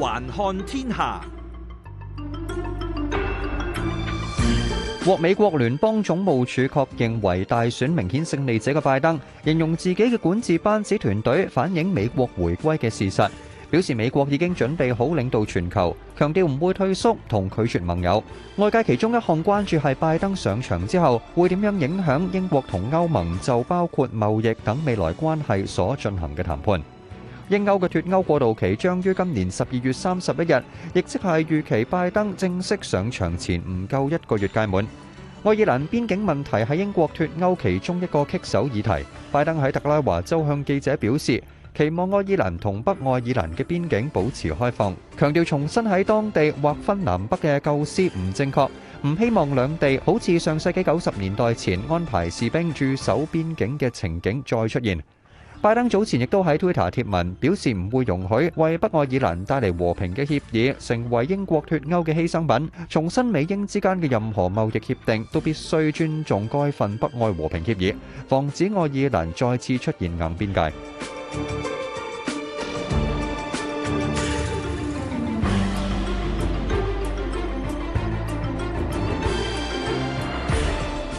環看天下。獲美國聯邦總務署確認為大選明顯勝利者嘅拜登，形容自己嘅管治班子團隊，反映美國回歸嘅事實，表示美國已經準備好領導全球，強調唔會退縮同拒絕盟友。外界其中一項關注係拜登上場之後會點樣影響英國同歐盟，就包括貿易等未來關係所進行嘅談判。英歐嘅脱歐過渡期將於今年十二月三十一日，亦即係預期拜登正式上場前唔夠一個月屆滿。愛爾蘭邊境問題係英國脱歐其中一個棘手議題。拜登喺特拉華州向記者表示，期望愛爾蘭同北愛爾蘭嘅邊境保持開放，強調重新喺當地劃分南北嘅構思唔正確，唔希望兩地好似上世紀九十年代前安排士兵駐守邊境嘅情景再出現。拜登早前亦都喺 Twitter 貼文表示，唔會容許為北愛爾蘭帶嚟和平嘅協議成為英國脱歐嘅犧牲品，重申美英之間嘅任何貿易協定都必須尊重該份北愛和平協議，防止愛爾蘭再次出現硬邊界。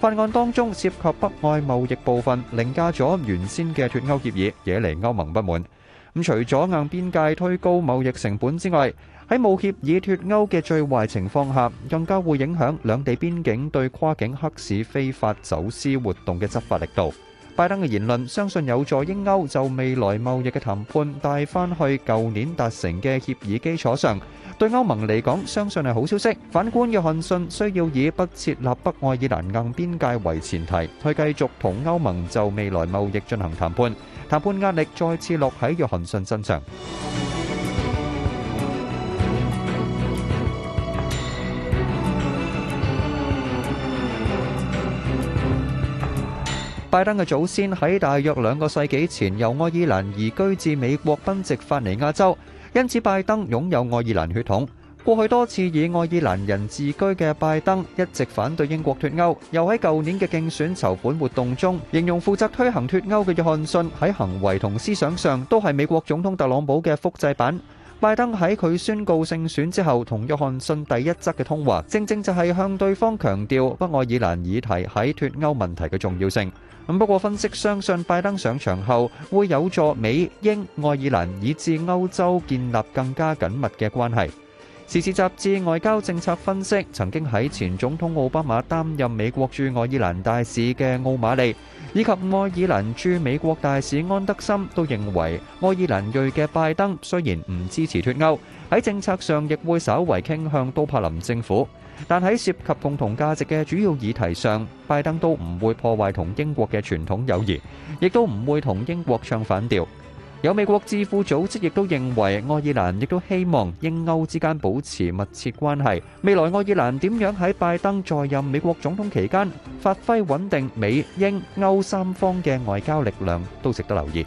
法案當中涉及北愛貿易部分，凌駕咗原先嘅脱歐協議，惹嚟歐盟不滿。咁除咗硬邊界推高貿易成本之外，喺無協議脱歐嘅最壞情況下，更加會影響兩地邊境對跨境黑市非法走私活動嘅執法力度。拜登嘅言論相信有助英歐就未來貿易嘅談判帶翻去舊年達成嘅協議基礎上，對歐盟嚟講相信係好消息。反觀約翰遜需要以不設立北愛爾蘭硬邊界為前提，去繼續同歐盟就未來貿易進行談判。談判壓力再次落喺約翰遜身上。拜登嘅祖先喺大約兩個世紀前由愛爾蘭移居至美國，賓夕法尼亞州，因此拜登擁有愛爾蘭血統。過去多次以愛爾蘭人自居嘅拜登，一直反對英國脫歐，又喺舊年嘅競選籌款活動中，形容負責推行脫歐嘅約翰遜喺行為同思想上都係美國總統特朗普嘅複製版。拜登喺佢宣告勝選之後同約翰遜第一則嘅通話正正就係向對方強調北愛爾蘭議題喺脫歐問題嘅重要性。咁不過分析相信，拜登上場後會有助美英愛爾蘭以至歐洲建立更加緊密嘅關係。時事雜誌外交政策分析，曾經喺前總統奧巴馬擔任美國駐愛爾蘭大使嘅奧馬利，以及愛爾蘭駐美國大使安德森都認為，愛爾蘭裔嘅拜登雖然唔支持脫歐，喺政策上亦會稍為傾向都柏林政府，但喺涉及共同價值嘅主要議題上，拜登都唔會破壞同英國嘅傳統友誼，亦都唔會同英國唱反調。有美國智庫組織亦都認為，愛爾蘭亦都希望英歐之間保持密切關係。未來愛爾蘭點樣喺拜登在任美國總統期間，發揮穩定美英歐三方嘅外交力量，都值得留意。